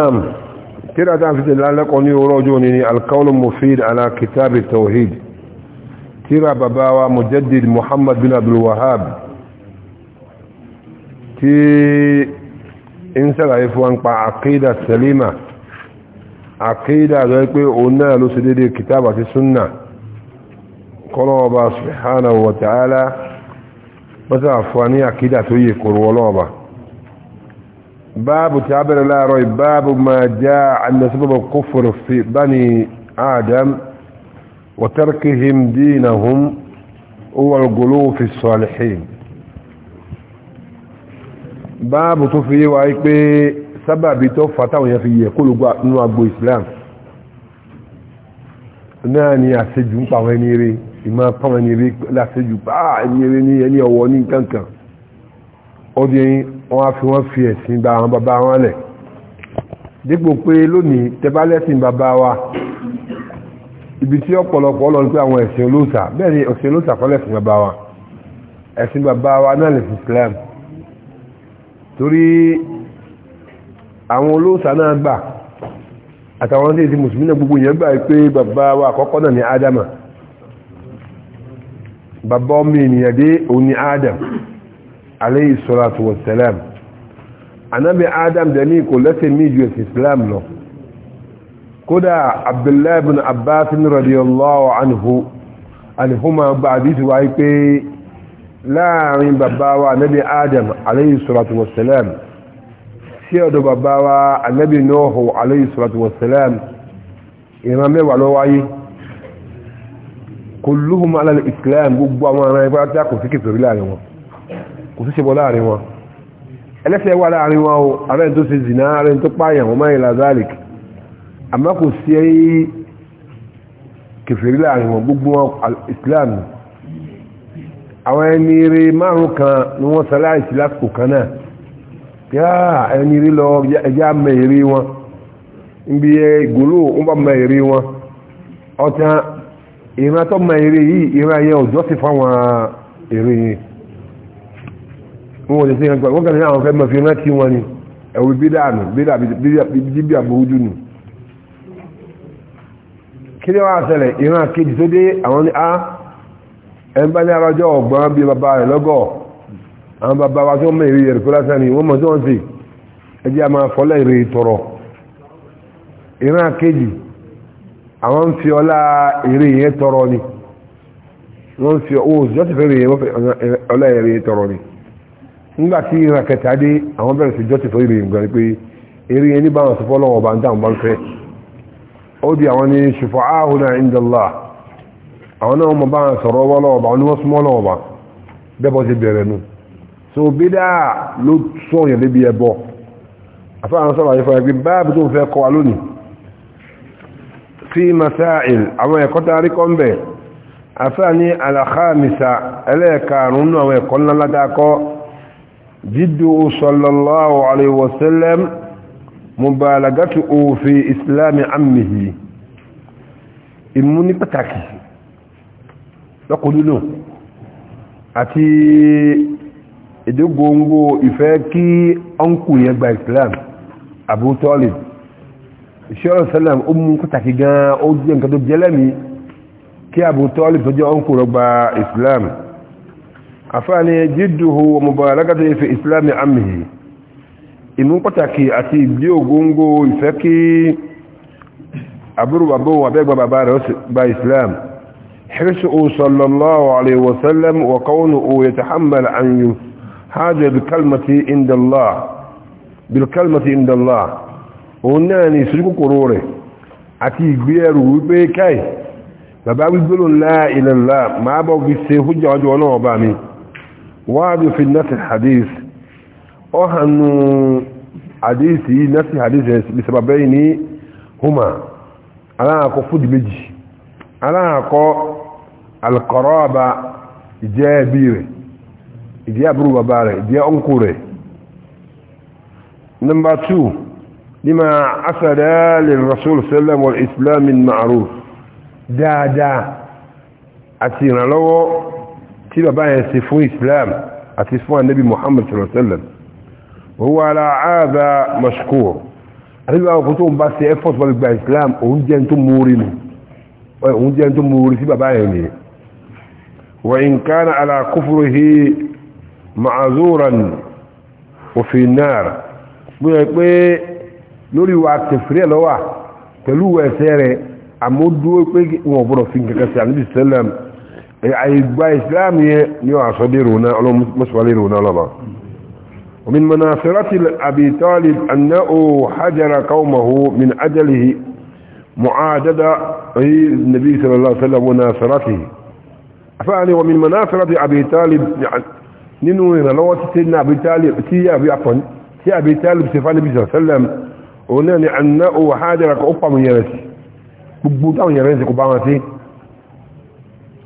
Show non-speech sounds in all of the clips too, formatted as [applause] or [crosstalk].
نعم كده تعرف لعلك أني وراجوني القول المفيد على كتاب التوحيد ترى باباوا مجدد محمد بن عبد الوهاب تي انسى لايفوان با عقيدة سليمة عقيدة ذلك قلنا لسديد كتابة السنة قال الله سبحانه وتعالى بس عفواني عقيدة تهي قروا الله باب تعبير لا روي باب ما جاء عن سبب الكفر في بني آدم وتركهم دينهم هو الغلو في الصالحين باب توفي وايك سبب توفى تاو يفي يقول نو ابو اسلام ناني اسجو باوني ري ما باوني ري لا سجو با ني ري ني ني اووني كانكان ọdún wọn a fi wọ́n fi ẹ̀sìn bá àwọn bàbá wọn lẹ̀ dípò pé lónìí tẹbálẹ́sìn bàbá wa ibi tí ọ̀pọ̀lọpọ̀ lọ pé àwọn ẹ̀sìn olóòsà bẹ́ẹ̀ ni ẹ̀sìn olóòsà kọ́ lẹ̀sìn bàbá wa ẹ̀sìn bàbá wa náà lẹ̀sìn Islam torí àwọn olóòsà náà gbà àtàwọn tí èsì mùsùlùmí náà gbogbo èèyàn gbà pé bàbá wa àkọ́kọ́ náà ni Ádámà bàbá ọmọ ènìyàn dé òun ni Ádámà alayhi salatu wa salam anabi adam da ní kò lẹ́sẹ̀ méjì ẹ̀sì islam lọ kódà abdullahi bin abbas radiyallahu anhu alihuma gba àdísì wáyé pé láàrin bàbá wa anabi adam alayhi salatu wa salam sí ọ̀dọ̀ bàbá wa anabi nuhu alayhi salatu wa salam ìran mẹ́wàá lọ wáyé kulluhum ala al-islam gbogbo àwọn ará ẹgbẹ́ àti àkùnfíkì sórí láàrin wọn kò sí ṣebọ láàrin wọn ẹlẹ́ṣẹ̀ wà láàrin wọn o ààrẹ tó ṣe zìnà ààrẹ tó pààyàn wọn máa ìlà zalik àmá kò sí ẹyí kèfèrí láàrin wọn gbogbo wọn islam àwọn ẹni rí márùn kan ni wọ́n sáláìsì lásìkò kan náà yáà ẹni rí lọ ẹjá mẹ́rí wọn níbi ìgbòlò wọ́n bá mẹ́rí wọn ọ̀tá ìran tó mẹ́rí yìí ìran yẹn ò jọ́sí fáwọn èrè yìí wọ́n lè ṣe nǹkan gbà wọ́n kàn ní àwọn fẹ́ mọ̀ fi rántí wọn ni ẹ̀wù bídà nù bídà bíbí àbúrúdù nù kí ni wọ́n àṣẹlẹ̀ ìran kejì tó dé àwọn ní a ẹnbá ní arájọ́ ọ̀gbọ́n bí bàbá rẹ̀ lọ́gọ̀ àwọn bàbá wa tó mọ̀ èrè rẹ̀ kó lásán ni wọ́n mọ̀ tí wọ́n sì ẹjẹ́ a máa fọ́lẹ̀ èrè tọ̀rọ̀ ìran kejì àwọn ń fi ọlá èrè yẹn tọrọ ni wọ́n ń fi owó jọ́sìfẹ́ èrè yẹn ọlá èrè tọrọ ni nígbà tí ìran kẹta dé àwọn bẹ̀rẹ̀ sí jọ́tì fún ìròyìn gan pé eré ẹni bá wọn sọ fọ́lọ́wọ́ ọba ń dáhùn bá ń fẹ́ ó di àwọn ní ṣùfọ́ áhùnà ìndọ́lá àwọn náà mọ̀ bá wọn sọ̀rọ̀ ọlọ́ọ̀bà wọn ni wọ́n súnmọ́ ọlọ́ọ̀bà bẹ́bọ̀ ti bẹ̀rẹ̀ nu so bídà ló جده صلى الله عليه وسلم مبالغته في إسلام عمه إموني بتاكي لقلونه àti ìdógóngó ìfẹ́ kí ọ́nkù yẹn gba islam Abu Talib ìṣọ́rọ̀ sẹ́lẹ̀m ó mú pàtàkì gan ó jẹ́ nǹkan tó jẹ́lẹ́mí kí Abu Talib tó jẹ́ ọ́nkù rọ gba islam àfáàní jidduhu wa mubalagatuhu fi islami ammihi inú pàtàkì àti ìgbé ògóngó ìfẹ́ kí àbúrò bàbá wà bẹ́gbà bàbá rẹ̀ gba islam hirsu sallallahu alaihi wasallam wa kaunuhu yatahammal an yu hajjá bilkalmati inda Allah bilkalmati inda Allah òun náà ni ìsìnkúkúrò rẹ̀ àti ìgbé ẹrù wípé káì bàbá wígbélò la ilaha illallah máa bọ́ fi se hujjá ọjọ́ náà mi wáàdù fi nasi hadith ọ hannu hadith yìí nasi hadith yẹn bí sababai ní huma aláàkọ́ fúdì méjì aláàkọ́ alkọ̀rọ̀ọ̀bá ìjẹ́ ẹbí rẹ̀ ìjẹ́ àbúrò bàbá rẹ̀ ìjẹ́ ọkù rẹ̀ number two lima asada lil rasul sallam wal islam dáadáa àti ìrànlọ́wọ́ tí bàbá yẹn ṣe fún islam àti fún anabi muhammad sallallahu alaihi wasallam huwa ala aada mashkur àti bàbá kò tó ń bá ṣe effort wọ́n gba islam òun jẹ́ tó múrí ni òun jẹ́ tó múrí sí bàbá yẹn ni wa in kana ala kufrihi ma'azuran wa fi bí ẹ pé lórí wa kẹfìrí ẹ lọ́wọ́ pẹ̀lú ẹsẹ̀ rẹ̀ àmọ́ dúró pé wọn ò fi nǹkan kan àìgbà islam yẹ ni wọ́n àṣọ lérò náà ومن مناصرة أبي طالب أنه حجر قومه من أجله معاددة النبي صلى الله عليه وسلم وناصرته فأني ومن مناصرة أبي طالب ننوين يعني لو تسلنا أبي طالب تي أبي عفوا تي أبي طالب سفان النبي صلى الله عليه وسلم ونعني أنه حجر قومه من يرسي بقبوطان يرسي قبامتي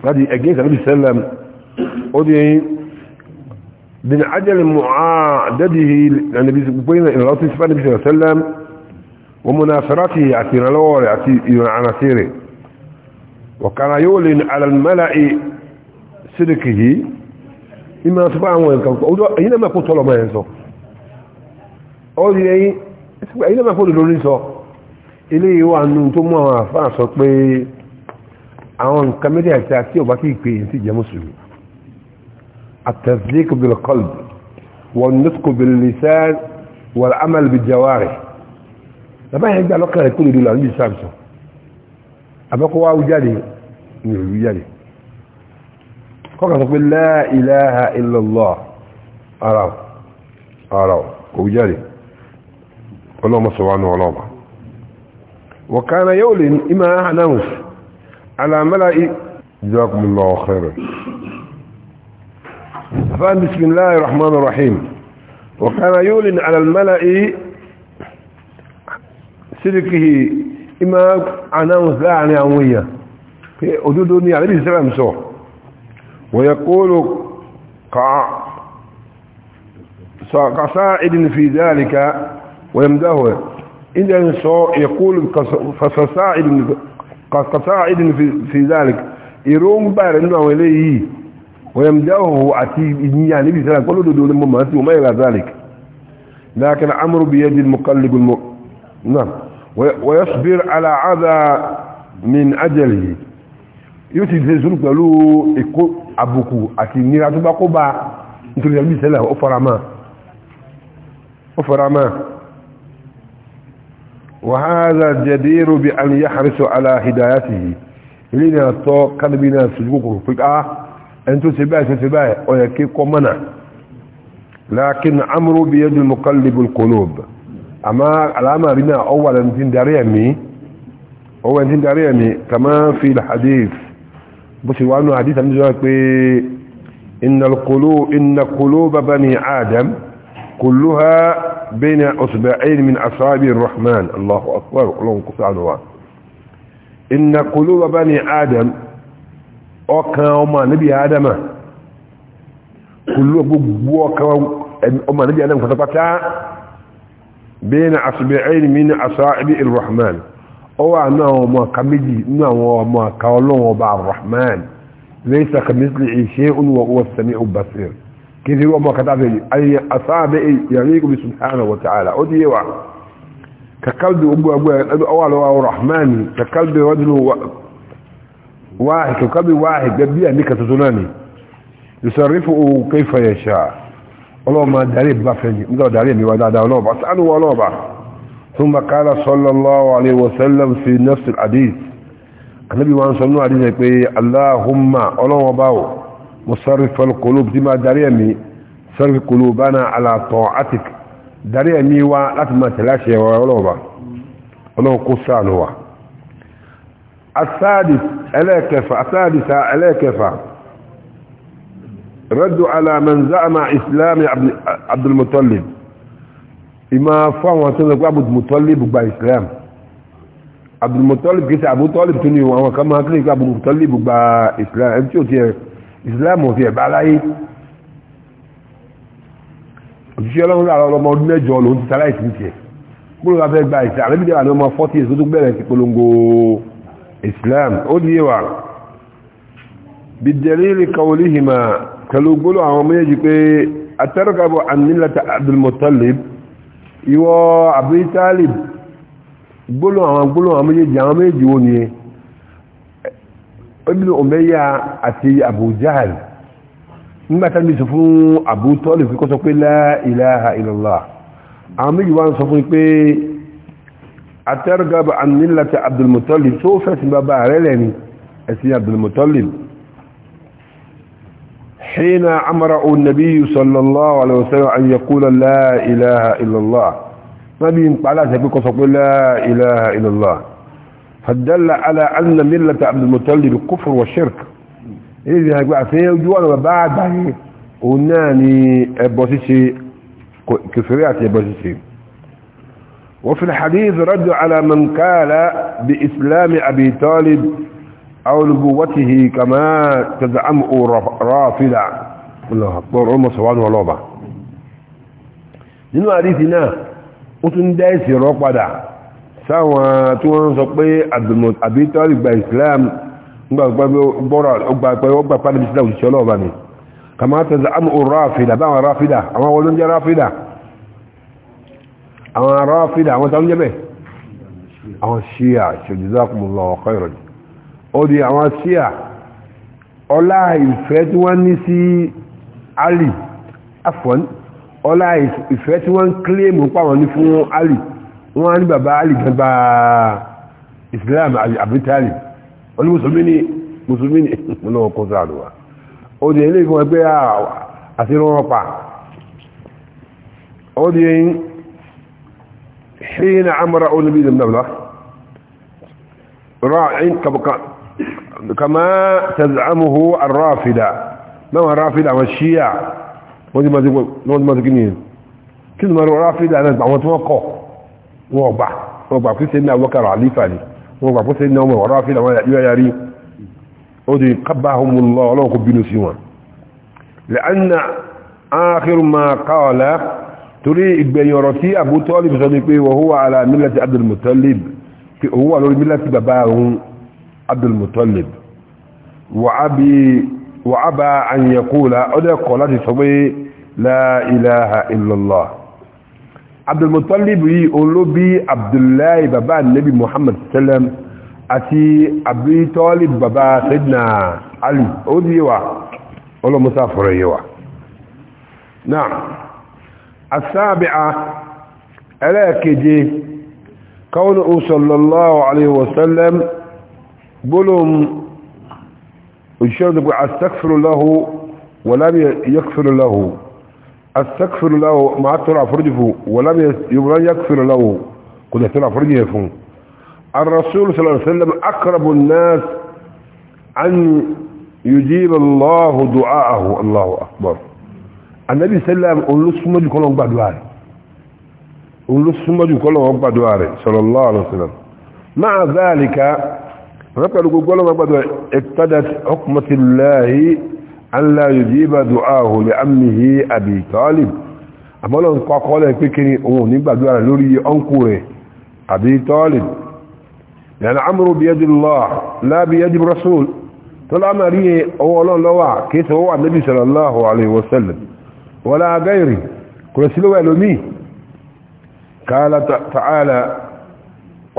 هذه أجيز النبي صلى الله عليه وسلم أدي من عجل معادده النبي بين الله سبحانه النبي صلى الله عليه وسلم ومناصرته يعطينا لور يعطينا عناصره وكان يولن على الملأ صدقه إما سبحانه وتعالى أينما كنت طلبا ينسو أدي أينما كنت لونسو إليه وأنه ثم فأصبح àwọn nǹkan méjì àti àti ọba tí ìpè yìí ti jẹ́ mùsùlùmí التصديق بالقلب والنطق باللسان والعمل بالجوارح لما يجي على قرأ كل دول عندي سامسون أبقى واو جالي جالي فقط تقول لا إله إلا الله أراو أراو وجالي اللهم سبحانه وتعالى وكان يولن إما أنامس على ملأ جزاكم الله خيرا فان بسم الله الرحمن الرحيم وكان يولن على الملأ سلكه إما عناه ثاني عموية أدود الدنيا عليه السلام سوح ويقول قع قصائد في ذلك ويمدهه إذا يقول فصائد kọ̀sọ̀tà ìdí في zalik èròǹgbà rẹ̀ nínú àwọn eléyìí ويمدعه عتيب إذن يعني بسلام قالوا له دول ممهاتي وما إلى ذلك لكن عمر بيد المقلب الم... نعم ويصبر على عذا من أجله يوتي بسلوك قالوا إكو أبوكو أتيني راتبا قبا انتو يلبي سلاه أفرما أفرما وهذا جدير بأن يحرص على هدايته لين الطاق كان بنا سجوكه فقعة أنتو سباية سباية ويكيكو منع لكن عمرو بيد المقلب القلوب أما الأمر هنا أولا تندريمي هو تندريمي كما في الحديث بس وأنه حديث عن ذلك إن القلوب إن قلوب بني آدم كلها بين أصبعين من أصابع الرحمن الله أكبر قلوب قصانوا إن قلوب بني آدم أكاوما نبي آدم قلوب بوكاوما أم نبي آدم فتبتا بين أصبعين من أصابع الرحمن أوانوما نعم كمجي نوما نعم كولوما بعض الرحمن ليس كمثل شيء وهو السميع البصير كثير وما كتابه أي أصابه يعنيك بسبحانه وتعالى أدي يوع كقلب أبو أبو أول وهو رحمن كقلب رجل واحد كقلب واحد جبيه أنك تزناني يصرفه كيف يشاء الله ما داري بفني مدو داري ميوادا دولو بس أنا ولو بس ثم قال صلى الله عليه وسلم في نفس الحديث النبي وان صلى الله عليه وسلم اللهم الله وباو مصرف القلوب دي ما داري مي صرف قلوبنا على طاعتك داريمي واتما تلاشي ولوبا ولو قصان هو السادس الاكفة السادسة الاكفة رد على من زعم اسلام عبد المطلب اما فهم وانتظر عبد المطلب با اسلام عبد المطلب كيس عبد المطلب تنيو وكما كان عبد المطلب با اسلام انتو ìsìláàmù ti ẹ̀bá aláyé òṣìṣẹ́ ọlọ́run láàrọ̀ ọmọ ọdún mẹ́jọ lòún ti sáláìsì ní tiẹ̀ gbọ́dọ̀ bá fẹ́ gba ìsìn àrẹ́bí dẹ́wà ní ọmọ fọ́tí èso tó bẹ̀rẹ̀ sí polongo ìsìláàmù ó ní ìwà bìdẹ̀lẹ́lẹ́ kawolihima pẹ̀lú gbọ́dọ̀ àwọn méjì pé atẹ́rọ̀kabọ̀ anilata abdulmutalib ìwọ abdulmutalib gbọ́dọ̀ àwọn gbọ́dọ̀ àwọn méjì àwọn méjì wo nìyẹn ibn umayya àti abu jahal nígbàtà ní sọ fún abu talib kó sọ pé la ilaha illallah àwọn méjì wá ń sọ fún pé atẹ́rọ̀gàbà an millati abdul muttalib tó fẹ́sìn bàbá rẹ̀ lẹ́ni ẹ̀sìn abdul muttalib حين أمره النبي صلى الله عليه وسلم أن يقول لا إله إلا الله نبي قال سبيكو سقول لا إله إلا الله فدل على أن ملة عبد المطلب الكفر والشرك إذا هجبع فيه وجوانا بعد بعد وناني أبوسيسي كفريات أبوسيسي وفي الحديث رد على من قال بإسلام أبي طالب أو لقوته كما تزعمه رافلة الله أكبر عمر سبحانه ولوبة nínú àdísì náà ó tún sáwọn tí wọ́n sọ pé àbítọ́lì gba islam gbọ́gbà pàdé islam ṣe ọlọ́ọ̀bá ni kama ta za amu ráfidà báwọn ráfidà àwọn wọ́n ló ń jẹ́ ráfidà àwọn ráfidà àwọn tàbí jẹ́ bẹ́ àwọn ṣíyà jazakumullahu khairan ó di àwọn ṣíyà ọlá ìfẹ́ tí wọ́n ní sí Ali afọ́n ọlá ìfẹ́ tí wọ́n kílèmù pàwọn ní fún Ali wọ́n ní bàbá alì kan bá islam abitali [laughs] ah, wọ́n ní musulmi ni musulmi ni wọ́n náà kọ́ sáàdù wa ó di ilé ìfún ẹgbẹ́ àti ó di yẹn حين عمر النبي بن الله راعين كما تزعمه الرافدة ما هو الرافدة والشيع وانت ما تقول كل ما رافدة انا بعمل wọ́n gbà wọ́n gbà fún sẹ́yìn àwọ́kàrà àlífà ni wọ́n gbà fún sẹ́yìn àwọn ọ̀rọ̀ àfihàn àwọn ìyá yarí ó di kábà ọmọlọ́ ọlọ́run kò bínú sí wọn lẹ́nà ákírùmá káọ̀lá torí ìgbẹ̀yìn ọ̀rọ̀ tí Abu Talib sọ ni pé la ilaha illallah abdulmutalib yìí òun ló bí abdullahi bàbá nabi muhammad sallam àti abitolib bàbá sayyidina ali ó di wa ọlọ́musa fọ̀rọ̀ yìí wa náà asábìá ẹlẹ́ẹ̀keje kọ́nù sallallahu alayhi wa sallam gbólóhùn òṣìṣẹ́ òṣìṣẹ́ astaghfirullahu wa lam yaghfirullahu استغفر له ما ترى فرجه ولم يبغى يغفر له قد ترى فرجه فهم الرسول صلى الله عليه وسلم اقرب الناس ان يجيب الله دعاءه الله اكبر النبي صلى الله عليه وسلم قال له سمجو كلون بدوار قال له سمجو بدوار صلى الله عليه وسلم مع ذلك ربنا قال له بدوار اقتدت حكمه الله allah yujiba du'ahu li ammihi abi talib àmọ́lọ́n kọ́kọ́ lẹ́ pé kíni òun ní gbàdúrà lórí ọ́nkù rẹ̀ abi talib yàrá amúrú bí yẹ́dì lọ́ lábí yẹ́dì rasul tó lámà rí ọwọ́ ọlọ́n lọ́wà kìí sọ wà nabi sallallahu alaihi wasallam wala gairi kò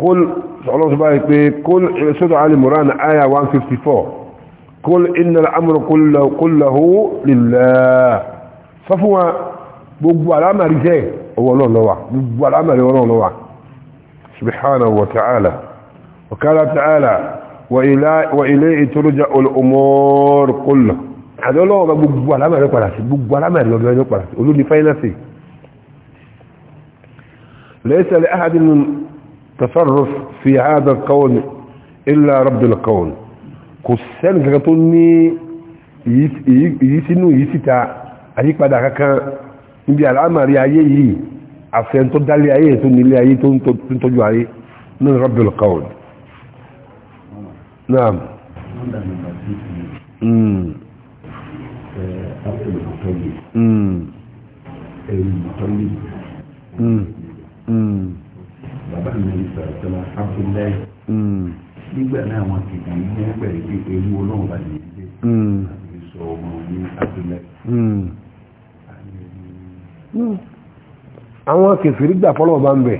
kúl sọ́lọ́sọ́ báyìí pé 154 قل ان الامر كله كله لله ففوا بوغو الامرزه اولو لوا بوغو هو اولو لوا سبحانه وتعالى وقال تعالى واليه ترجع الامور كلها هذا لو بوغو الامر يقرا بوغو الامر لو يقرا اولو فاينانسي ليس لاحد من تصرف في هذا الكون الا رب الكون kò sẹ́nì kankan tó ní èyí sínú èyí síta àyípadà kankan níbi àlámàrí ayé yìí àfẹ́n tó dálé ayé tó nílé ayé tó ń tọ́jú ayé náà rọ́bìlì kọ́ọ̀d náà Bàbá mi sọ̀rọ̀ sọ́lá Abdullahi. Hmm nígbà náà wọn ti kàn ní ẹgbẹ́ ìdí ewu ọlọ́run bá yẹn dé hmm. àti sọ ọmọ ní abúlé. Hmm. àwọn kẹfìrí gbà fọlọ́wọ́ bá ń bẹ̀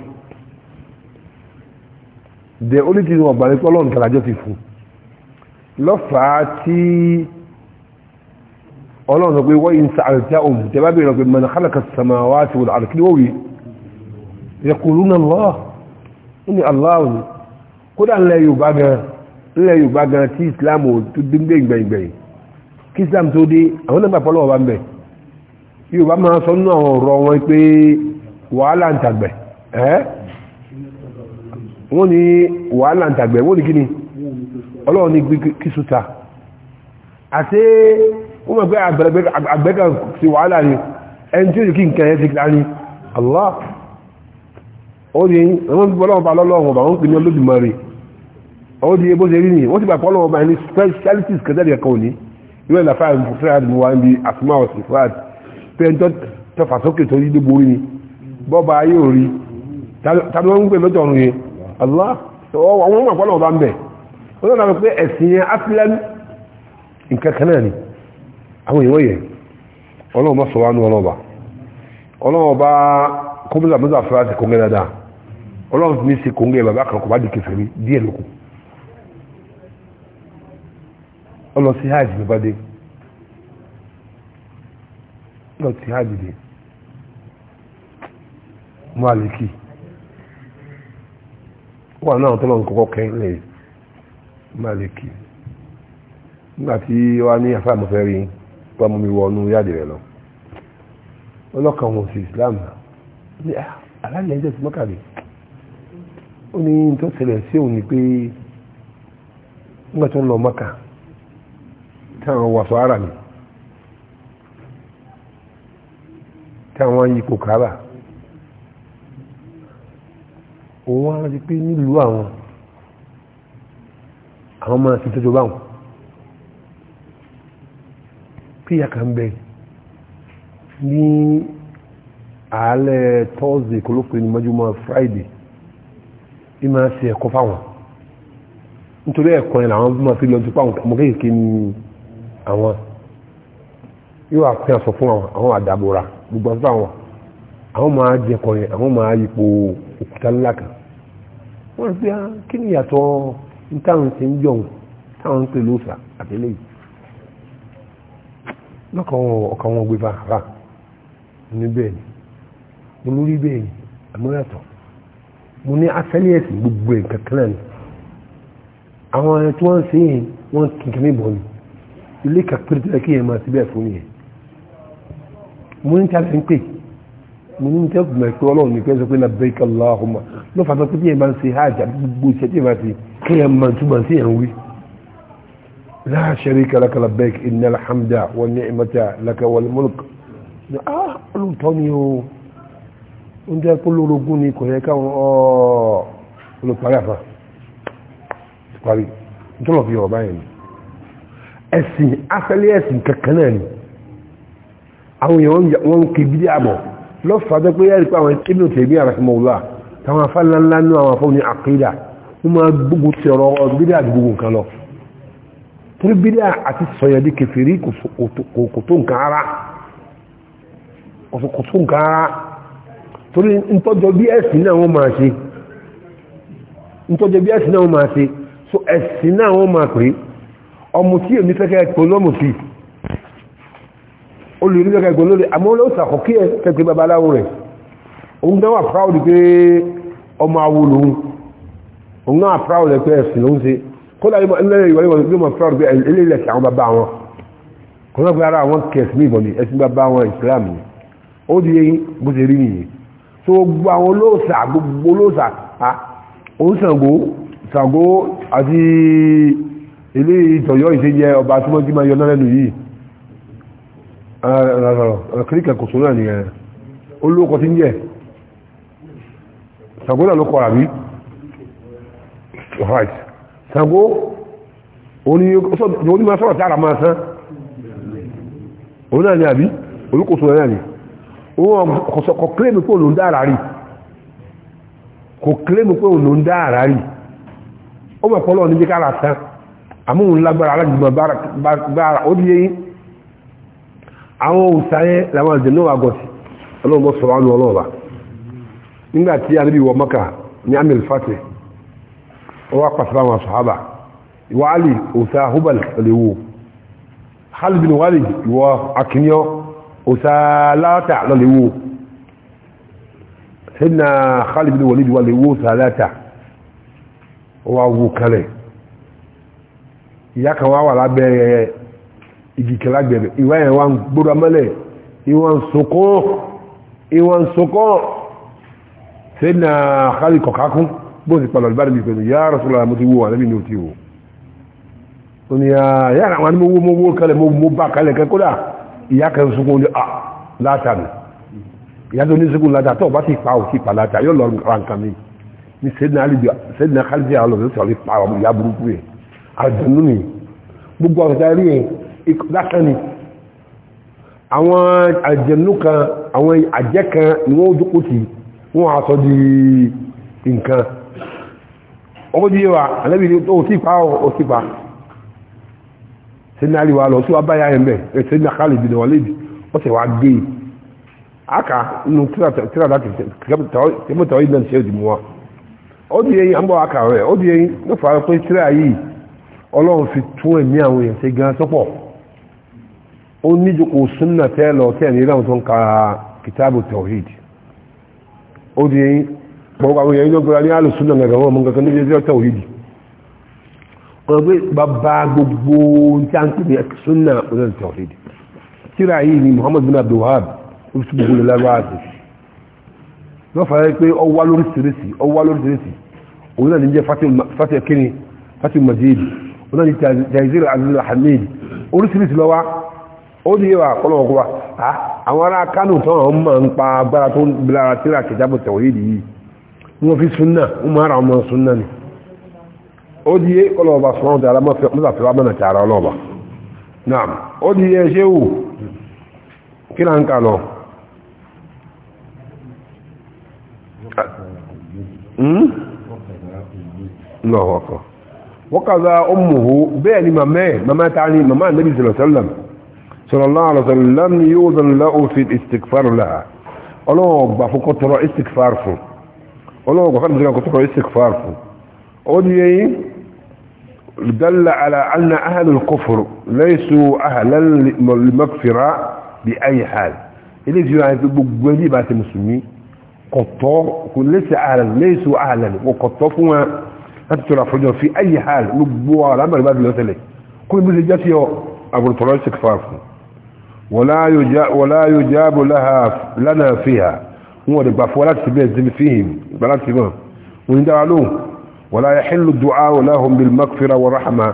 the only thing wọ́n gbà ní pé ọlọ́run kàlájọ́ ti fún lọ́fàá tí ọlọ́run sọ pé wọ́n yìí ń sàárẹ̀tà òun tẹ́ bá bèèrè pé mọ̀nà kálàkà sàmáwá ti wọ̀lá àrùkí wọ́wì yẹ kùrú náà lọ́wọ́ ní aláwọ̀ kódà ńlẹ̀ yorùbá gan ńlẹ̀ yorùbá gan tí islam tó dé gbẹ̀gbẹ̀gbẹ̀yìn kí islam tó dé àwọn náà gbàgbọ́ lọ́wọ́ bá ń bẹ̀ yorùbá máa sọ nínú àwọn ọ̀rọ̀ wọn pé wàhálà ń tàgbẹ̀ ẹ́ wọ́n ní wàhálà ń tàgbẹ̀ wọ́n ní kí ni ọlọ́run ní gbé kìsùta àti wọ́n mọ̀ pé àgbẹ̀kà sí wàhálà ni ẹni tí ó kí nǹkan ẹ̀ fi kìlá ni allah ó ní ọlọ́run bá lọ́lọ́run ọba wọ́n pè ní Olódùmarè ó di ebó ṣe rí ni wọ́n ti gbà pọ́ lọ́wọ́ báyìí ní specialities kẹtẹ́lì ẹ̀kọ́ òní ìwé ìlàfà fúráàd mú wa ń bi àtúmọ̀ ọ̀sìn fúráàd pé ń tọ́fà sókè tó yí dógbó rí ni bọ́ba ayé ò rí tàbí wọ́n ń gbé lọ́jọ́ ọ̀run yẹn allah àwọn ọmọ àpọ́lọ́wọ́ bá ń bẹ̀ wọ́n náà dábàá pé ẹ̀sìn yẹn afilẹ́n nǹkan kan náà ni àwọn èèyàn yẹn ọlọ́wọ́ bá sọ wá nú ọlọ́wọ́ bá ọlọ́wọ́ bá kọ́mísà mọ́sà fúráàd kọ́ngẹ́ dáadáa ọlọ́wọ́ mi sì kọ́ngẹ́ bàbá kan kò bá di kẹfẹ́ rí díẹ̀ ọlọ sí hajj ló bá dé lọ sí hajj dé mú àlékì wà náà tó lọ kọ́kọ́ kẹ́yìn lè mú àlékì nígbà tí wà ní afáàmọ́fẹ́ rí mú mi wọnú yáde rẹ̀ lọ ọlọ́kàn wọn sí Islam ní alálẹ̀ ẹjẹ́ sí mọ́kàlẹ̀ ó ní ah, tó ṣẹlẹ̀ sí òun ni pé nígbà tó ń lọ mọ́kàlẹ̀ táwọn wà sọ́ra ni táwọn yí kò kábà òun wá rántí pé nílùú àwọn àwọn máa ti tọ́jú báwọn píyà kan bẹ ní àálẹ̀ thursday kọlọ́pẹ̀ ní mọ́júmọ́ friday bí máa ṣe ẹ̀kọ́ fáwọn nítorí ẹ̀kọ́ yẹn làwọn máa fi lọ́jú fáwọn ọmọ ní àwọn yóò àpín aṣọ fún àwọn àwọn àdàbòrà gbogbo aṣọ àwọn àwọn máa jẹ kọrin àwọn máa yípo òkúta ńlá kan wọ́n rí pé ah, kí ni ìyàtọ̀ táwọn ti ń jọ̀hún táwọn ń pè lóòsà àtẹ́lẹ̀ yìí lọ́kàn ọkàn wọn gbé bàrà ah, ní bẹ́ẹ̀ ni mo lórí bẹ́ẹ̀ ni àmọ́ yàtọ̀ mo ní asẹ́lẹ̀ ẹ̀sìn gbogbo ẹ̀ kankan náà ni àwọn ẹni tí wọ́n ń ṣe yẹn wọ́n kìkì ni ilé kàpẹ́rẹ́ tó lẹ́kẹ́ yẹn máa ti bẹ́ẹ̀ fún yẹn mo ní tàbí ń pè mo ní tẹ́ fún ẹ̀kọ́ ọlọ́run ní pẹ́ẹ́sọ pé labbaik Allahumma ló fà sọ pé bí yẹn máa ń ṣe hajj gbogbo iṣẹ́ tí yẹn máa ti kí yẹn máa túmọ̀ sí yẹn wí. la sharika laka labbaik innal hamda wan ni'mata laka wal mulk ah olùtọ́ ni o ń jẹ́ kó lórogún ni kò yẹ káwọn ọ́ olùparí àfa parí nítorí ọ̀fi ọ̀bá ẹ̀sìn asẹ́lẹ̀ ẹ̀sìn kankan náà ni àwọn èèyàn wọn kì í bídí àbọ̀ lọ́fà tó pé ẹ̀rí pé àwọn ìbí òtẹ̀ bí àràkí mọ̀ wúlà táwọn afá ńláńlá nú àwọn afọ́ ní àkídà wọ́n máa gbógun ti ọ̀rọ̀ bídí àdúgbò nǹkan lọ torí bídí àti sọ̀yọ̀dí kẹfìrí kò tó nǹkan ara kò tó nǹkan ara torí ntọ́jọ bí ẹ̀sìn náà wọ́n máa ṣe ntọ́jọ bí ẹ̀sìn náà wọ́n máa ṣe so ẹ̀sìn náà wọ́n máa pè é ọmọ tí èmi fẹ́ kẹ́kẹ́ lọ́mù sí olùrí fẹ́ kẹ́kẹ́ lórí àmọ́ ó sàkọ́ kí ẹ kẹ́kẹ́ babaláwo rẹ̀ òun náà wà proud pé ọmọ awo òun náà proud pé ẹ̀sìn lòun ṣe kó láyé lẹ́yìn ìwọlé wọn yóò mọ̀ proud pé eléyìí àwọn bàbá wọn kò náà pé ara ni ó di eyín bó ṣe rí nìyẹn tó gbogbo àwọn ilé ìtọ̀yọ́ ìṣẹ́yẹ ọba tí wọ́n jí máa yọ náà lẹ́nu yìí ah, kíríkà kò sọ náà nìyẹn olóòkọ right Ṣàngó oní máa sọ̀rọ̀ tí ara máa sán òun náà ni àbí olókòsó náà ni òun kò kílèmù pé òun dára rí kò kílèmù pé òun dára rí ó mọ̀ pọ́lọ́ ní bí kára sán àmóhun lágbára alájùmọ̀ bára ó díye yí àwọn òsàyẹ làwọn àjẹ̀ náà àgọ̀tì ọlọ́ọ̀bọ̀ sọ̀rọ̀ ánú ọlọ́ọ̀bà nígbàtí ànábì wọ mọ́kà ní amil fatih ó wá pàṣẹ àwọn sọ̀hábà ìwà alì òsà hubal lèwo halibin wali ìwọ akínyọ òsà látà lọ́lẹ́wò ìyá kan wá wà lábẹ́ igi kẹlá gbẹ̀rẹ̀ ìwá ẹ̀ wá ń gbóra mọ́lẹ̀ ìwọ̀n ń sokọ́ ìwọ̀n ń sokọ́ ṣe na kálí kọ̀kákún bó ti pàlọ̀ ìbáraẹni pẹ̀lú ya Rasulullah mo ti wo àlẹ́bí ni ó ti wò ó ní yàrá àwọn mo bá kalẹ̀ kẹ́ ìyá kan sunkún ní ah látàmì ìyá tó ní sunkún látà tó bá ti pa ò ti pa látà yóò lọ ra nǹkan mi ní sẹ́dínà kálí bí àjọ̀nú gbogbo ọ̀sẹ̀ rí àwọn àjọ̀nú kan àwọn àjẹ́ kan ni wọ́n jókòó wọ́n sọ di nǹkan ọkọ̀ jíye wa alẹ́bí tó ò sí pa ò sí sínú àríwá lọ sí wa báyà ẹ̀ mẹ́ ẹ̀sẹ̀ ìbìnà wọlé ìbì ó sì gé aka nù tíra láti ìdánṣẹ́ di eyín àmbọ̀ aka rẹ̀ ó di eyín ló fà á ọlọ́run fi tún ẹ̀mí àwọn èèyàn ṣe gan sọ́pọ̀ ó níjòkó súnà tẹ́lọ tẹ́ẹ̀ní ìlànà tó ń ka kìtàbù tawhid ó di yẹn pọ̀pọ̀ àwọn èèyàn ìjọba ní àlù súnà gàgà wọn mú kankan níbi ẹjọ́ tawhid wọn pé bàbá gbogbo tí a ń pè ní súnà ọ̀dọ̀ tawhid tíra yìí ni Muhammad bin Abdul Wahab ó sì gbogbo lọ́wọ́ àti lọ́fà yẹ ọlọ́ni jàìzírò àdúrà hamid oríṣiríṣi lọ́wọ́ ó ní yíwa ọlọ́wọ́ wa àwọn ará kánò tán àwọn máa ń pa agbára tó ń bilára tíra kìjábọ̀ tẹ̀wọ̀yìdì yìí wọ́n fi súnà wọ́n máa ra ọmọ súnà ni ó ní yé ọlọ́wọ́ sọ́wọ́n tààrà mọ́sàfẹ́ wa mọ́nà tààrà ọlọ́wọ́ náà ó ní yé ṣé wù kí náà ń wọ́kàzá ọmọ̀hó bẹ́ẹ̀ ni mamẹ́ mamẹ́ ta ni mamẹ́ nabi sallallahu alaihi wasallam ni yóò zan láò fi istikfar láà ọlọ́wọ́ gbà fún kọ́tọ́rọ̀ istikfar fún ọlọ́wọ́ gbà fún kọ́tọ́rọ̀ istikfar fún ó ní yẹn dalla ala anna ahlul kufr laysu ahlan limaghfira bi ayi hal ilé tí wọ́n fi gbogbo ẹni bá ti musulmi kọ̀tọ́ kò lẹ́sẹ̀ ahlan laysu ahlan kọ̀tọ́ fún wọn ابتلع فجر في اي حال نبوة العمل بعد الوثلي كل مزي جاتي ابو الفرنسي كفاف ولا يجاب ولا يجاب لها لنا فيها هو اللي بفولات بيزم فيهم بلاتي ما وين دعالو ولا يحل الدعاء لهم بالمغفرة والرحمة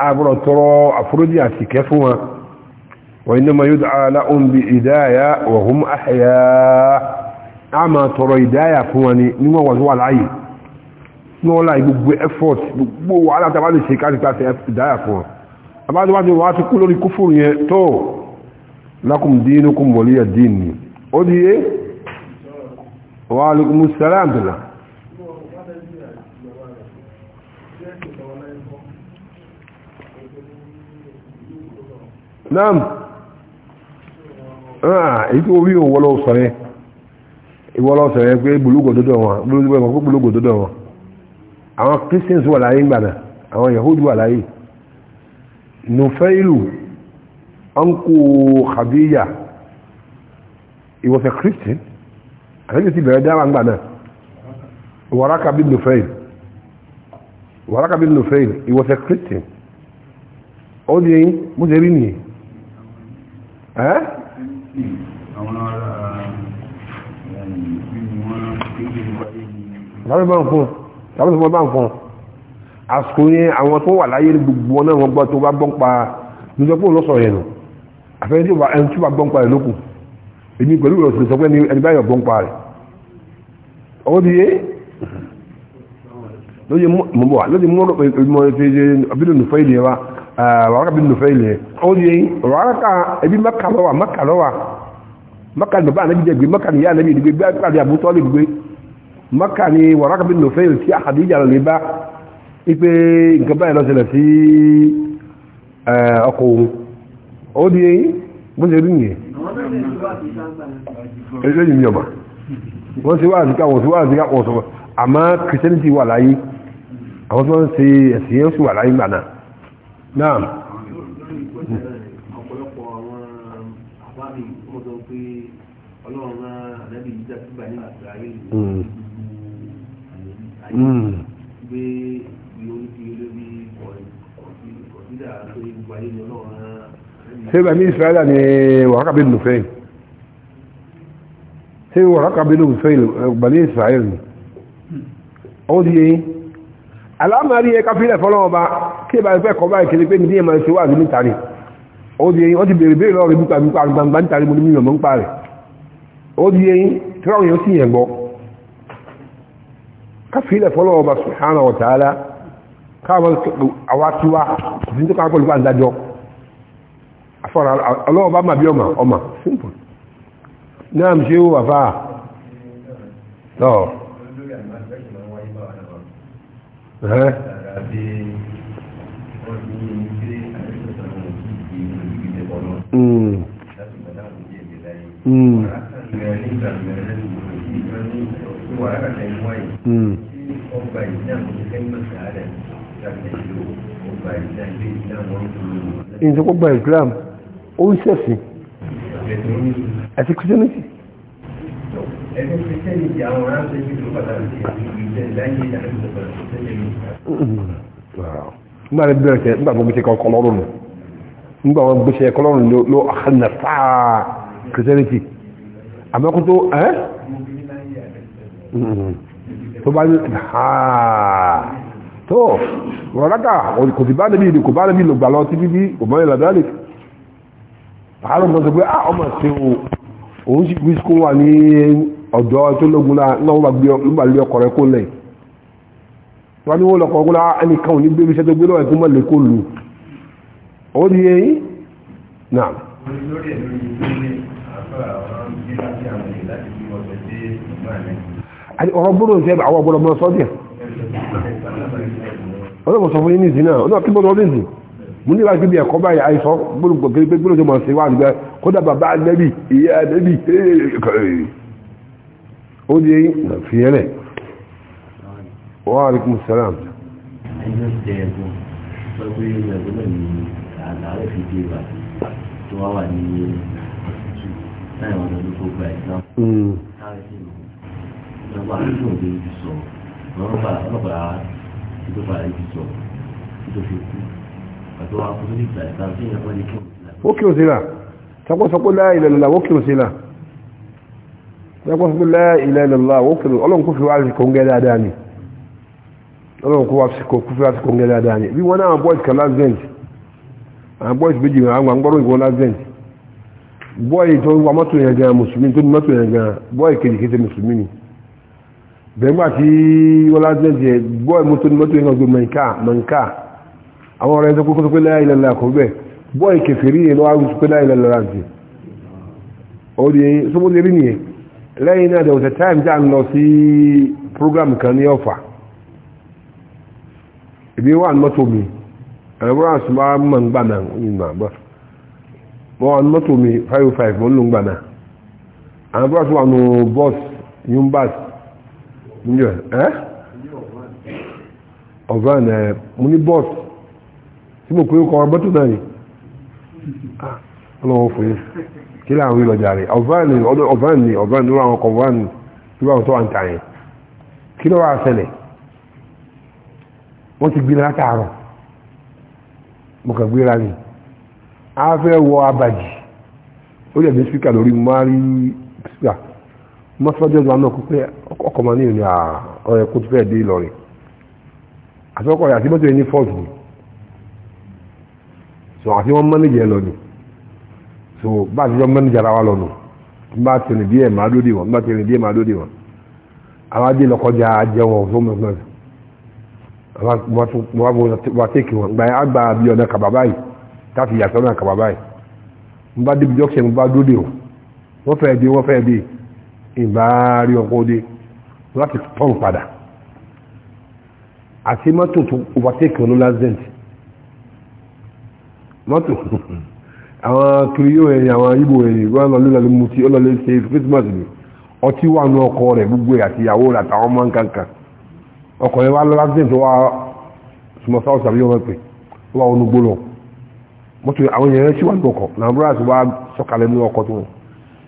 ابو الترو افرودي اسي يعني كفوا وانما يدعى لهم بإداية وهم احياء اما ترى هدايه فواني يعني نمو وزوال عين lọ́wọ́ láì gbogbo effort gbogbo wàhálà tàbá lè ṣe káàkiri pàṣẹ ìdáyà fún ọ abájọba ti wàá ti kú lórí kúfùrù yẹn tó lakum dinukum waliya dín ni ó di yé wa alaikum salam àbìlà naam ah, èyí tó wí òun wọ́lọ́ sọ̀rẹ́ ìwọ́lọ́ sọ̀rẹ́ pé gbólógò dọ́dọ̀ wọn gbólógò dọ́dọ̀ wọn àwọn christians wà láyé gbàdà àwọn yahudi wà láyé nufailu ọkù khadija he was a christian àlejò ti bẹ̀rẹ̀ dáwà gbàdà waraka bin nufail waraka bin nufail he was a christian ó di yẹn mo ṣe rí nìyẹn àwọn ará ẹ̀yìn bí wọ́n ń gbé nípa yìí tàbí sọ bá ń fọn àsìkò yẹn àwọn tó wà láyé gbogbo wọn náà wọn gbọ́ tó bá gbọ́n pa níjọ́ pé òun lọ sọ̀rọ̀ yẹn nù àfẹ́yẹ́ tí ẹni tí wàá gbọ́n pa rẹ̀ lókù èmi pẹ̀lú ìrọ̀sùn sọ pé ẹni báyọ̀ gbọ́n pa rẹ̀ ọwọ́ ti yé lóye mọ̀ bọ̀ lóye mọ̀ ìmọ̀ ìfẹ́jẹ́ abínú nùfẹ́ ilẹ̀ wa wàhálà abínú nùfẹ́ ilẹ̀ ọwọ́ ti yé wàhálà ká ebi mẹ́kà lọ́wà maka ni waraka bin nufayl tí àhàdíjà lè bá ipé nǹkan báyìí lọ sílẹ̀ sí ọkọ̀ ohun ó di eyín wọ́n ti rí yẹn ẹgbẹ́ yìí yọba wọ́n ti wá àzíká wọ́n ti wá àzíká wọ́n sọ àmá kìrìsìtẹ́nìtì wà láyé àwọn tó ń ṣe ẹ̀sìn yẹn sì wà láyé gbà náà náà ọ̀pọ̀lọpọ̀ àwọn àbámi ọmọdé pé ọlọ́run náà àdẹ́bí yìí dá hmm. sí Hmm. pé ṣé bàmí israẹla ni wàhákà bí nùfẹ́ ṣé wàhákà bí nùfẹ́ bàmí israẹla ni ó di yẹn alámàrí ẹka fílẹ̀ fọ́lọ́ọba kí ìbá ìfẹ́ kọ́ báyìí kiri pé ní díẹ̀ máa ṣe wà níta rẹ̀ o di yẹn wọ́n ti bèèrè bèèrè lọ́rọ̀ nípa gbangba níta rẹ̀ mo ní mímọ̀ mọ́ ń pa rẹ̀ ó di yẹn tí wọ́n yẹn sì yẹn gbọ́ káfílẹ̀ fọ́lọ́wọ́ bá subhanahu wa ta'ala káwọn àwátíwá kò sí tó káwọn pẹ̀lú àdájọ́ afọ́ra ọlọ́wọ́ bá mà bí ọmọ ọmọ simple náà ṣe ó wà fáà tọ́ Mm. Mm wàhálà lẹ́yìn wáyé tí hmm. ọgbà ìsìlámù ti kẹ́yìn mọ̀ sàárẹ̀ láti lò ọgbà ìsìlámù ìsìlámù ọgbà ìsìlámù ó ń ṣẹ̀sìn àti kìrìsìtẹ́nìtì ẹgbẹ́ kìrìsìtẹ́nìtì àwọn aráàlú ẹgbẹ́ tó pàtàkì ìgbìyànjú láyé ìdáhùn ìgbà kìrìsìtẹ́nìtì. nígbà gbogbo ti kọ kọlọ́rùn nù nígbà wọn gbèsè kọlọ́rùn ló àhànà fáà kìrìsìtẹ́nìtì àmọ́kútó ẹ́ tó bá ní tó rọ̀lákà kò sì bá níbi ìdí kò bá níbi ìlògbà lọ títí bí òmọ́rin ladalik àárọ̀ mọ́ sọ pé ah ọmọ sí o òun sì fi kó wà ní ọ̀dọ́ tó lógun náà náà wọ́n bá lé ọkọ̀ rẹ̀ kó lẹ̀ wọ́n ní wọ́n lọ́kọ̀ ọgbọ́n náà ẹnìkan ò ní gbé iṣẹ́ tó gbé lọ́wọ́ ẹ̀kún mọ́lẹ̀ ọ̀rọ̀ gbọ́dọ̀ ń sẹ́bà àwọn ọgbọ́dọ̀ mọ́ sọ́dẹ̀ ọlọ́pọ̀ sọ fún yín nìsín náà ọlọ́pọ̀ kí bọ́dọ̀ ọdún ìsìn mo ní láti bí ẹ̀kọ́ báyìí àìsàn gbọ́dọ̀ gbẹ́gbẹ́ gbọ́dọ̀ tó mọ̀ sí wà nígbà kódà bàbá nẹ́bì ìyá ìjọba àdúgbò lè fi sọ lọ́rọ̀bà lọ́bà ìjọba lè fi sọ ìjọ fi kú àti wọn kú lórí ìgbà ìta sí ìyẹn wọlé kírun sílá. ó kírun sílá sọpọ́ sọpọ́ láì ilẹ̀ lọ́la ó kírun sílá sọpọ́ sọpọ́ láì ilẹ̀ lọ́la ó kírun ọlọ́run kò fi wá sí kóńgẹ́ dáadáa ni ọlọ́run kò wá sí kóńgẹ́ dáadáa ni bí wọ́n náà bọ́ọ̀sì kan lásìlẹ̀ǹtì àwọn tó wà mọ́tò yẹn gan mùsùlùmí tó ní mọ́tò yẹn gan bọ́ọ̀yì kejì kejì mùsùlùmí ni bẹ̀ngbà tí wọ́n lásìlẹ̀sì ẹ̀ gbọ́ ẹ̀ mọ́tò ní mọ́tò yẹn gbé mọ̀nká mọ̀nká àwọn ọ̀rẹ́ ẹ̀sọ́ kókó tó pé láyé lẹ́la kò bẹ̀ gbọ́ ẹ̀ kẹfẹ́rí yẹn lọ́wọ́ tó pé láyé lẹ́la ti ó di a time tá à ń lọ sí program kan ní ọ̀fà ìbí wà ní mọ́tò mi ẹ̀rọ àṣùmọ́ five oh five mọ́ ń lò ń gbà náà àwọn níjọ ẹ ọ̀ván ẹ mo ní bọ́ọ̀sì tí mo pé ó kọ ọmọ tó náà ni ah, ọlọ́wọ́ fún yín kí láàrin lọ́jà rẹ̀ ọ̀ván ni ọ̀ván ni ọ̀ván ni wọ́n kọ̀ ọ̀ván ni tí wọ́n tó wà ń ta yẹn kí ló wà ṣẹlẹ̀ wọ́n ti gbé látàárọ̀ mo ni a fẹ́ wọ abàjì ó yẹ̀ bí spíkà lórí mo máa mọ́sọ́jọ́ ìgbà náà kú pé ọkọ̀ máa ní ìrìn ọ̀rẹ́ kó ti fẹ́ dé Ìlọrin àtọ́kọ̀ rẹ̀ àti mọ́tò ẹni fọ́ọ̀tù ni so àti wọ́n mọ́nìjì ẹ lọ ni so bá àtijọ́ mọ́nìjì ara wa lọ nù bá tẹ̀lé díẹ̀ máa lóde wọn bá tẹ̀lé díẹ̀ máa lóde wọn àwọn adé lọ́kọjá jẹun ọ̀sọ́ mọ́tò wọ́n tẹ́kì wọn gba àgbà bí ọ̀nà kàbà báyìí táfi yàtọ̀ náà kàbà báyìí mo bá débi jọ́kṣẹ́ mo bá lóde wọn wọ́n dé wọ́n fẹ́ dé ìbáàrí ọkọ̀ dé láti tọ́n padà àti mọ́tò tó overtake ọ̀nà lásìdẹ̀ntì mọ́tò [laughs] àwọn kìrìyó ẹ̀yìn àwọn ibò ẹ̀yìn wọ́n lọ lọ́lọ́ ló mutí ọlọ́lẹ́ ṣe Christmas ni ọtí wà ní ọkọ̀ rẹ̀ gbogbo àti ìyàwó rẹ̀ àtàwọn ọmọ nkankan ọkọ̀ yẹn wà lọ lásìdẹ̀ntì wà súnmọ́ south àbí ọmọ pè wà ọ̀nùgbò lọ mọ́tò àwọn èèyàn ṣì wà ní ọkọ̀ nàbúrà ti wà sọ̀kalẹ̀ ní ọkọ̀ tó wọn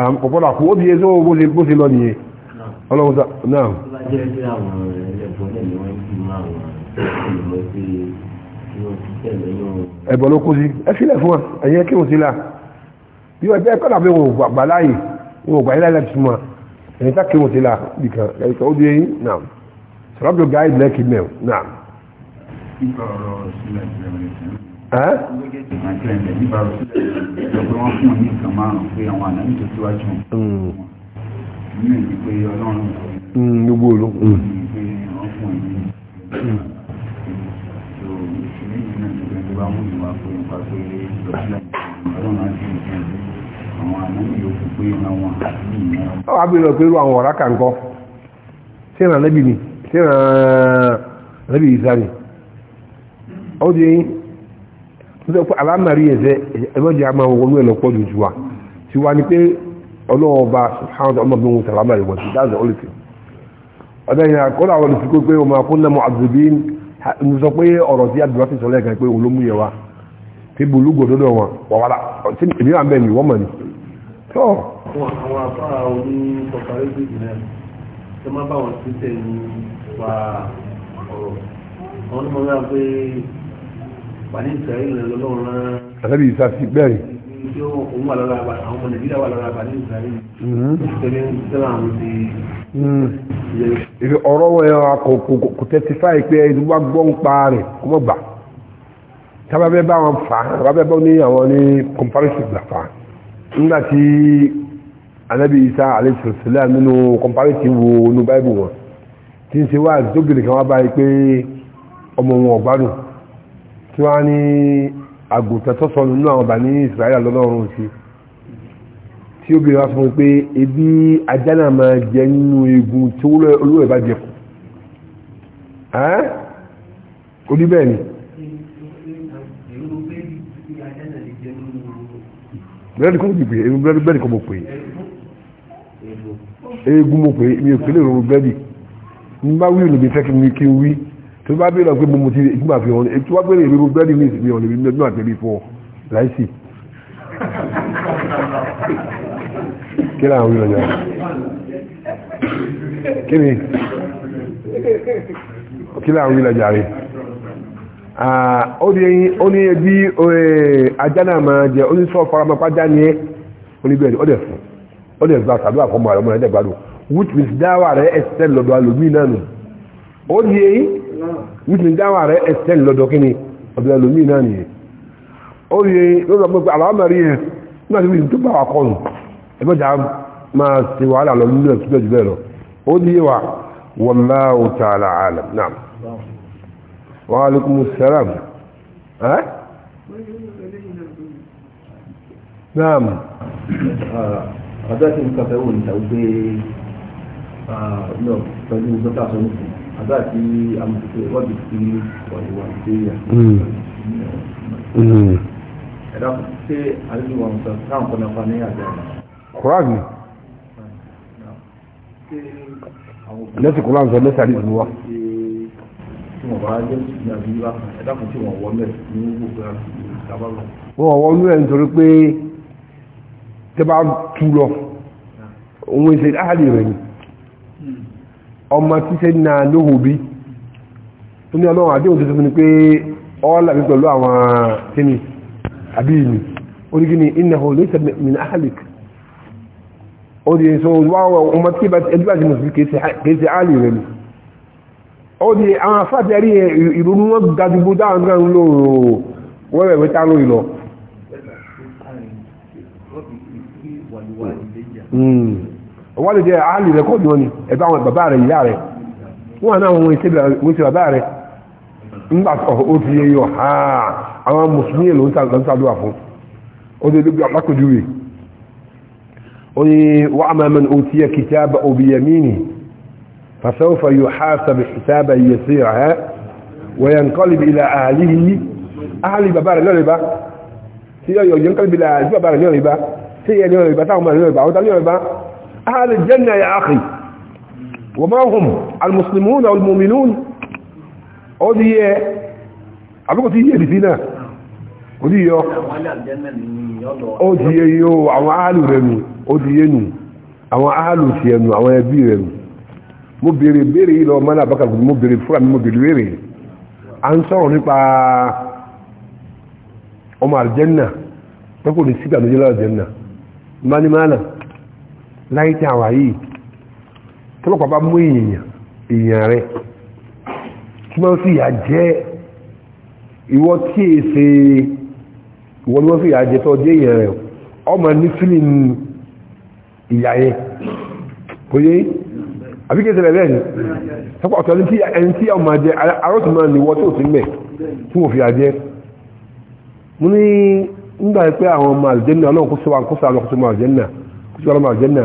ọ̀pọ̀lọpọ̀ àpò ó bí ẹzọ́ bó ṣe lọ nìyẹn ọlọ́run náà ẹ̀bọ̀ ló kó sí ẹfílẹ̀ fún ẹ̀yẹ kí wọ́n sí là bí wọ́n jẹ́ kọ́nà pé wọ́n gbà láàyè wọ́n gbà láàyè láti súnmọ́ ẹ̀yìn tá kí wọ́n sí là nìkan ẹ̀yìn ó dé yín náà sọ̀rọ̀ bí ó gáà ìdílé kìí Hmm, gbogbo olú abìlọ̀ hmm. pẹ̀lú àwọn ọ̀rá kàǹkọ́ tí ìrànlẹ́bì ni tí ìrànlẹ́bì eh, ìsáni ó di yìí tó pé alámàrí ẹ̀fẹ́ ẹgbẹ́jẹ́ a máa wọlé ẹ̀lọ́ pọ̀ jù wa ti wá ní pé ọlọ́ọba subhanahu ọmọ bí wọn sàlámà rẹ̀ wọ́n ti dáàzẹ̀ ó lè fi ọ̀dọ́ yìí àkọ́lá àwọn olùfikó pé ọmọ akúnnà mọ́ àdùbí mo sọ pé ọ̀rọ̀ tí àdùbá ti sọ lẹ́ẹ̀kan pé olómú yẹ wa tí bolúgbò dọ́dọ̀ wọn wàwàlà tí èmi wà bẹ́ẹ̀ ni wọ́n mọ̀ ni. tọ́ àwọn afá oní kọ̀ọ̀kọ̀rẹ́sì náà tó má bá wọn títẹ̀ ní wa ọ̀rọ̀ àwọn onímọ̀ náà pé bani israeli lọ́lọ́run rán. àtàbí isa sí bẹ́ẹ̀ ni. tí òun wà lọ́la àwọn ọmọ nàìjíríà wà lọ́la bani israeli. Mhm. tẹ́lẹ̀ tẹ́lẹ̀ àwọn ti. ìfẹ́ mhm. ọ̀rọ̀ wọn kò tẹ́tífáì pé ẹni wá gbọ́ ń pa rẹ̀ kó mọ̀ gbà tábàbẹ́ bá wọn fà á tábàbẹ́ bá wọn ní àwọn ní comparison gbà fà á nígbà tí anabi isa alayhi salam nínú comparison wo nínú báyìí wọn tí ń ṣe wá àti tó gbèrè kan wá báyìí pé ọmọ wọn ọ̀gbádùn tí wọ́n á ní àgùntàn tó sọnù nínú àwọn bàní Israẹli lọ́lọ́run sí tí ó bèèrè wá fún mi pé ebi ajá náà máa jẹ nínú eegun tí olúwẹ̀ bá jẹ kù ó ní bẹ́ẹ̀ ni. bẹ́ẹ̀ni kò mọ̀ pé bẹ́ẹ̀ni kò mọ̀ pé eegun mọ̀ pé mi ò kí lè ro bẹ́ẹ̀ni n bá wí ò lè fẹ́ kí n wí tó bá bèèrè pé mo ti ìgbà fi hàn tó bá bèèrè ìrírú bẹ́ẹ̀lì ní ìsinmi ọ̀nà ìbínú ẹgbẹ́ àtẹ̀lé fún ọ láìsí kí ni àwọn ìrìnàjò kí ni kí ni àwọn ìrìnàjò rẹ̀ ó ní ẹbí ajá náà máa jẹ ó ní sọ faramapá já ní ẹ oníbẹ̀rẹ̀ ọdẹ fún ọdẹ gba sàdúrà fọmọ àrẹ ọmọ ẹ̀dẹ́gbàdo which means dáwà rẹ̀ ẹ̀sẹ̀ lọ́dọ̀ alòmí náà nù ó ní ẹyìn mùsùlùmí dáwà rẹ̀ ẹ̀sẹ̀ lọ́dọ̀ kí ni ọ̀dọ̀ ẹlòmíì náà nìyẹn ó yẹ lọ́dọ̀ pé àlàámẹ̀rí yẹn nígbà tí wọ́n tó bá wà kọ́nù ẹgbẹ́jà máa ṣe wàhálà lọ nínú ẹ̀sùn jù bẹ́ẹ̀ lọ ó ní wa wallahu ta'ala alam naam àbá àti amòfin ìwọ́dì sí ìwà ìgbéyà. ẹ̀dá ṣé àlejò wọn sọ káwọn kan náà fa ní àjọ rẹ̀. Quran ni lẹ́sì Quran sọ lẹ́sì àdìsí wa. tí wọ́n bá jẹ́ ní àdúgbò ẹ̀dá kan tí wọ́n wọ́n mẹ́ ní gbogbo àgbàlọ́. wọ́n wọ́n mú ẹ̀ nítorí pé tẹ́ bá tú lọ ah. òun ṣe áhàlì rẹ̀ ni ọmọ títẹ́ na lóhùn bí ó ní ọlọ́run àdéhùn tó sọfún ni pé ọ́lá mi pẹ̀lú àwọn tẹ́mi àbí ìlú ó ní gíní innahu laysa min ahlik ó ní sọ wáwọ̀ ọmọ tí ẹbí bá ti mọ̀ sí kìí Mm. wọ́n lè jẹ́ àálì rẹ̀ kọ́ ni ẹ̀bá àwọn bàbá rẹ̀ ìyá rẹ̀ wọ́n náà wọ́n ìṣẹ́ bàbá rẹ̀ nígbà ó ti yẹ yọ ha àwọn musulmi èlò ń O fún ó ti dúgbà lákòjúwe ó ní wọ́n àmà ó ti yẹ kìtàbà obìyẹmínì yóò ha sàbẹ̀ kìtàbà yẹ sí rẹ̀ wọ́yẹn kọ́lìbì ilẹ̀ àálì yìí ilẹ̀ àálì أهل الجنة يا أخي وما هم المسلمون والمؤمنون أودي أبقى تيجي لفينا أودي يو أودي يو أو أهل رنو أودي ينو أو أهل سينو أو أبي رنو mo bèrè bèrè yìí lọ ọmọ náà bákàtà mo bèrè fúra mi mo bèrè bèrè à ń sọ̀rọ̀ nípa ọmọ àlùjẹ́nà tó kò ní sígbà méjìlá àlùjẹ́nà mánimánà láyé tí àwà yìí tọ́lọ́pàá bá mú èèyàn èèyàn rẹ̀ tí wọ́n fi ìyà jẹ́ ìwọ tí è ṣe ìwọ ni wọ́n fi ìyà jẹ́ tọ́ jẹ́ èèyàn rẹ̀ ọmọ ní fílìn ìyà yẹn kò yé àbí kí ẹsẹ̀ bẹ́ẹ̀ ni tọ́pọ̀ ọ̀tọ̀ ní ẹni tí ọmọ jẹ arọ́tùmọ̀ ni wọ́n tó sí mẹ́ tí wọ́n fi ìyà jẹ́ mo ní nígbà pé àwọn ọmọ àlùjẹ́nà ọlọ́run kó sọ wa kó sọ àlùjẹ́nà kó sọ àlùjẹ́nà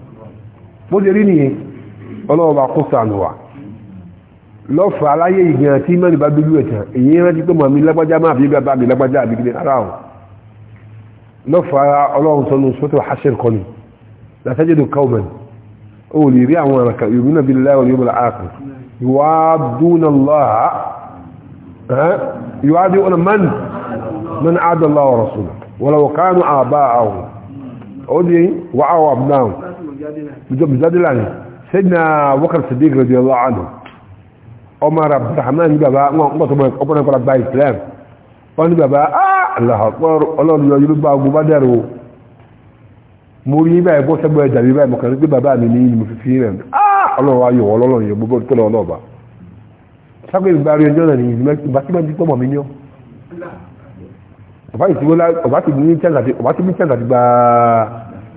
bó ṣe rí nìyẹn ọlọ́wọ́ bá kó sànù wà lọ́fà aláyé ìgbìyàn tí mẹ́rin bá dúdú ẹ̀tàn èyí rántí pé màmí lágbájá máa fi bá mi lágbájá àbí gidi ara ọ̀ lọ́fà ọlọ́run sọ́nù sọ́tọ̀ hasil kọ́ni látẹ́jẹ́dù kọ́ọ̀mẹ́n ó lè rí àwọn àràkà ìrúnà bí láwọn yóò bọ̀lá ààkùn يوادون الله ها يوادون من من عاد الله ورسوله ولو كانوا آباءهم أودي وعوا أبناهم mujadila ni sayyidina wakar sadiq radiyallahu anhu omar abdulrahman ni baba wọn tó mọ ọpọlọ kọlá gba islam wọn ni baba ah allah akbar ọlọ́run yọ yorùbá ogun bá dẹ̀rù mo rí báyìí bọ́ sẹ́gbọ́ ẹja rí báyìí mo kàn rí pé bàbá mi ní mo fi fi rẹ̀ ah ọlọ́run ayọ̀ ọlọ́run yọ gbogbo tó lọ ọlọ́ọ̀bà sábà ìgbà rí ẹjọ́ náà ni ìgbà tí wọ́n ti pọ̀ mọ̀ mí ní ọ́ ọba ìtìwọ́lá ọba ti ní chance àti ọba ti ní chance àti gbàá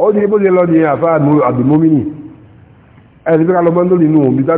ó ní bó ṣe lọ ní àfáà àdìmọ́mìnì ẹ̀sìn pé ká lọ mọ́ lórí inú òbí tá